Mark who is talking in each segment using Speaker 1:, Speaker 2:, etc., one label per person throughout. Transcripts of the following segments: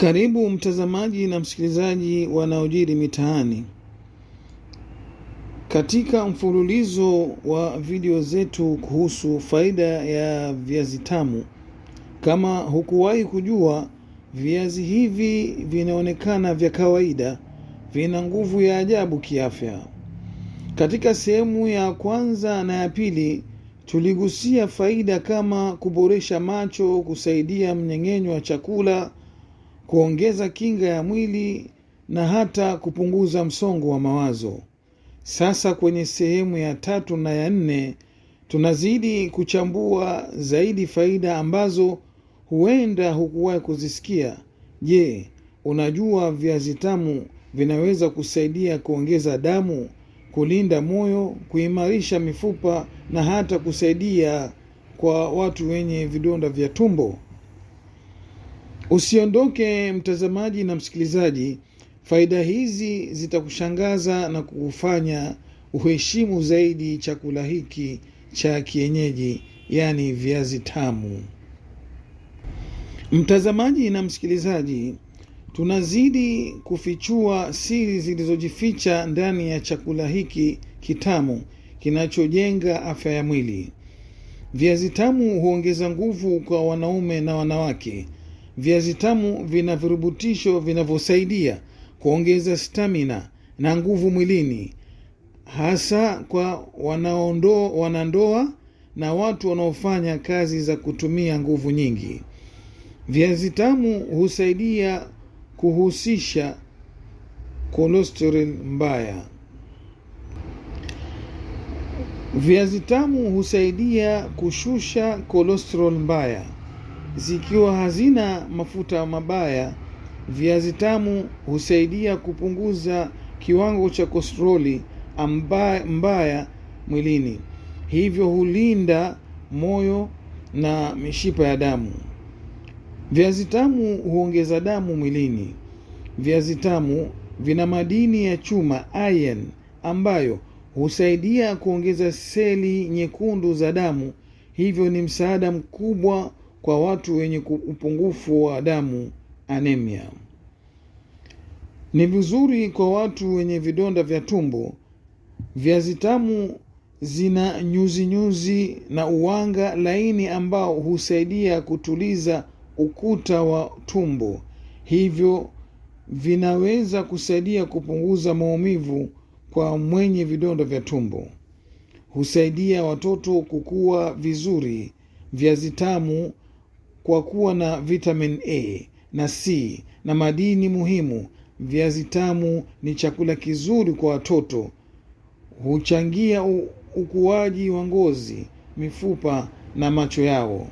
Speaker 1: Karibu mtazamaji na msikilizaji wanaojiri mitaani. Katika mfululizo wa video zetu kuhusu faida ya viazi tamu, kama hukuwahi kujua, viazi hivi vinaonekana vya kawaida, vina nguvu ya ajabu kiafya. Katika sehemu ya kwanza na ya pili tuligusia faida kama kuboresha macho, kusaidia mmeng'enyo wa chakula kuongeza kinga ya mwili na hata kupunguza msongo wa mawazo. Sasa kwenye sehemu ya tatu na ya nne tunazidi kuchambua zaidi faida ambazo huenda hukuwahi kuzisikia. Je, unajua viazi tamu vinaweza kusaidia kuongeza damu, kulinda moyo, kuimarisha mifupa na hata kusaidia kwa watu wenye vidonda vya tumbo? Usiondoke mtazamaji na msikilizaji, faida hizi zitakushangaza na kukufanya uheshimu zaidi chakula hiki cha kienyeji, yaani viazi tamu. Mtazamaji na msikilizaji, tunazidi kufichua siri zilizojificha ndani ya chakula hiki kitamu kinachojenga afya ya mwili. Viazi tamu huongeza nguvu kwa wanaume na wanawake Viazi tamu vina virubutisho vinavyosaidia kuongeza stamina na nguvu mwilini, hasa kwa wanandoa na watu wanaofanya kazi za kutumia nguvu nyingi. Viazi tamu husaidia kuhusisha kolesterol mbaya. Viazi tamu husaidia kushusha kolesterol mbaya zikiwa hazina mafuta mabaya. Viazi tamu husaidia kupunguza kiwango cha kostroli mbaya, mbaya mwilini, hivyo hulinda moyo na mishipa ya damu. Viazi tamu huongeza damu mwilini. Viazi tamu vina madini ya chuma iron, ambayo husaidia kuongeza seli nyekundu za damu, hivyo ni msaada mkubwa kwa watu wenye upungufu wa damu anemia. Ni vizuri kwa watu wenye vidonda vya tumbo. Viazi tamu zina nyuzi nyuzi na uwanga laini ambao husaidia kutuliza ukuta wa tumbo, hivyo vinaweza kusaidia kupunguza maumivu kwa mwenye vidonda vya tumbo. Husaidia watoto kukua vizuri. Viazi tamu kwa kuwa na vitamin A na C na madini muhimu. Viazi tamu ni chakula kizuri kwa watoto, huchangia ukuaji wa ngozi, mifupa na macho yao.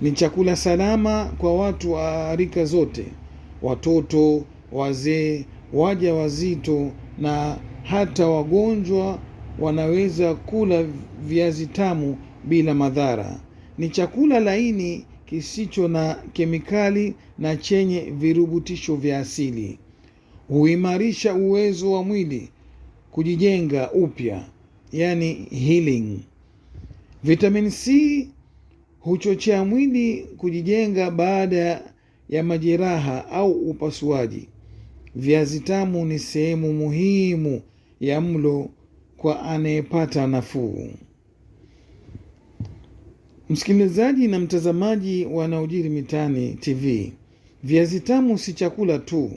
Speaker 1: Ni chakula salama kwa watu wa rika zote, watoto, wazee, waja wazito na hata wagonjwa wanaweza kula viazi tamu bila madhara. Ni chakula laini kisicho na kemikali na chenye virubutisho vya asili. Huimarisha uwezo wa mwili kujijenga upya, yani healing. Vitamin C huchochea mwili kujijenga baada ya majeraha au upasuaji. Viazi tamu ni sehemu muhimu ya mlo kwa anayepata nafuu. Msikilizaji na mtazamaji wa yanayojiri mitaani TV, viazi tamu si chakula tu,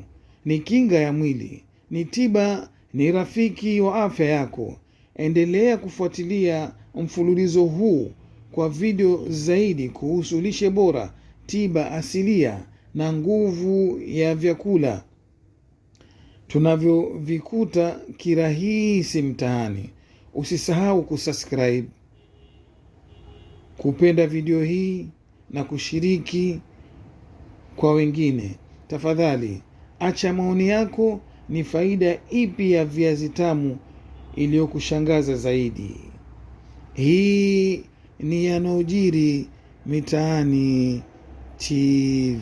Speaker 1: ni kinga ya mwili, ni tiba, ni rafiki wa afya yako. Endelea kufuatilia mfululizo huu kwa video zaidi kuhusu lishe bora, tiba asilia na nguvu ya vyakula tunavyovikuta kirahisi mtaani. Usisahau kusubscribe kupenda video hii na kushiriki kwa wengine. Tafadhali acha maoni yako, ni faida ipi ya viazi tamu iliyokushangaza zaidi? Hii ni yanayojiri mitaani TV.